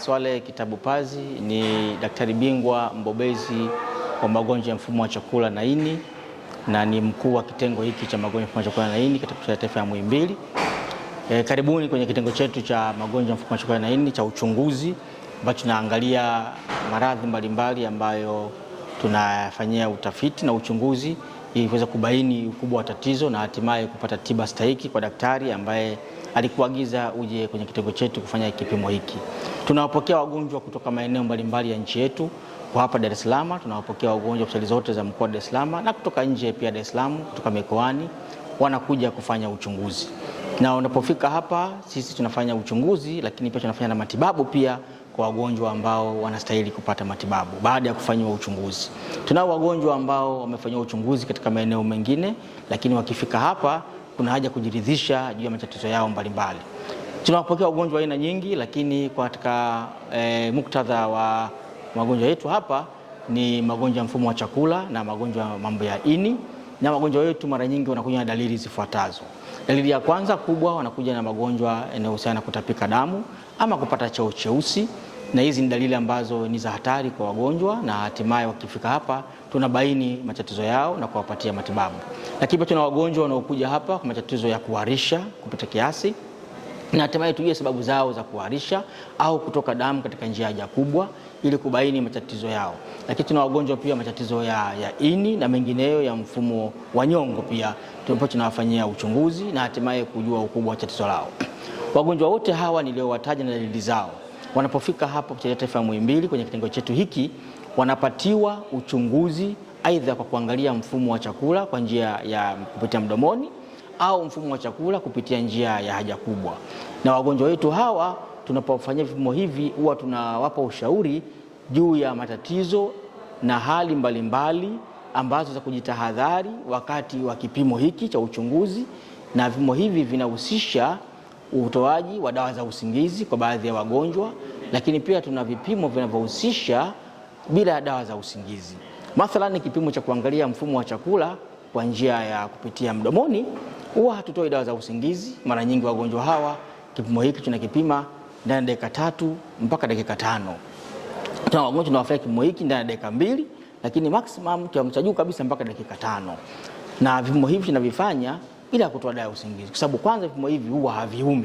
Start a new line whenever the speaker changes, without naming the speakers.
swale kitabu pazi ni daktari bingwa mbobezi wa magonjwa ya mfumo wa chakula na ini na ni mkuu wa kitengo hiki cha magonjwa ya mfumo wa chakula na ini katika hospitali ya taifa ya Muhimbili. E, karibuni kwenye kitengo chetu cha magonjwa ya mfumo wa chakula na ini cha uchunguzi ambacho tunaangalia maradhi mbalimbali ambayo tunayafanyia utafiti na uchunguzi ili kuweza kubaini ukubwa wa tatizo na hatimaye kupata tiba stahiki kwa daktari ambaye alikuagiza uje kwenye kitengo chetu kufanya kipimo hiki. Tunawapokea wagonjwa kutoka maeneo mbalimbali ya nchi yetu. Kwa hapa Dar es Salaam tunawapokea wagonjwa hospitali zote za mkoa wa Dar es Salaam na kutoka nje pia Dar es Salaam, kutoka mikoani wanakuja kufanya uchunguzi, na unapofika hapa sisi tunafanya uchunguzi, lakini pia tunafanya na matibabu pia kwa wagonjwa ambao wanastahili kupata matibabu baada ya kufanyiwa uchunguzi. Tunao wagonjwa ambao wamefanyiwa uchunguzi katika maeneo mengine, lakini wakifika hapa kuna haja kujiridhisha juu ya matatizo yao mbalimbali. Tunawapokea wagonjwa aina nyingi, lakini katika e, muktadha wa magonjwa yetu hapa ni magonjwa ya mfumo wa chakula na magonjwa mambo ya ini, na wagonjwa wetu mara nyingi wanakuja na dalili zifuatazo. Dalili ya kwanza kubwa, wanakuja na magonjwa yanayohusiana na kutapika damu ama kupata choo cheusi na hizi ni dalili ambazo ni za hatari kwa wagonjwa, na hatimaye wakifika hapa tunabaini matatizo yao na kuwapatia matibabu. Lakini pia tuna wagonjwa wanaokuja hapa kwa matatizo ya kuharisha kupita kiasi na hatimaye tujue sababu zao za kuharisha au kutoka damu katika njia haja kubwa ili kubaini matatizo yao. Lakini tuna wagonjwa pia matatizo ya, ya ini na mengineyo ya mfumo wa nyongo, pia tupo tunawafanyia uchunguzi na hatimaye kujua ukubwa wa tatizo lao. Wagonjwa wote hawa niliowataja na dalili zao Wanapofika hapo kuchezea taifa ya Muhimbili kwenye kitengo chetu hiki, wanapatiwa uchunguzi aidha kwa kuangalia mfumo wa chakula kwa njia ya kupitia mdomoni au mfumo wa chakula kupitia njia ya haja kubwa. Na wagonjwa wetu hawa tunapofanyia vipimo hivi, huwa tunawapa ushauri juu ya matatizo na hali mbalimbali mbali, ambazo za kujitahadhari wakati wa kipimo hiki cha uchunguzi, na vipimo hivi vinahusisha utoaji wa dawa za usingizi kwa baadhi ya wagonjwa, lakini pia tuna vipimo vinavyohusisha bila ya dawa za usingizi. Mathalan, ni kipimo cha kuangalia mfumo wa chakula kwa njia ya kupitia mdomoni. Huwa hatutoi dawa za usingizi mara nyingi. Wagonjwa hawa kipimo hiki tunakipima ndani ya dakika tatu mpaka dakika tano. Tuna wagonjwa tunawafanya kipimo hiki ndani ya dakika mbili, lakini maximum kiwango cha juu kabisa mpaka dakika tano, na vipimo hivi tunavifanya bila kutoa dawa usingizi, kwa sababu kwanza vipimo hivi huwa haviumi.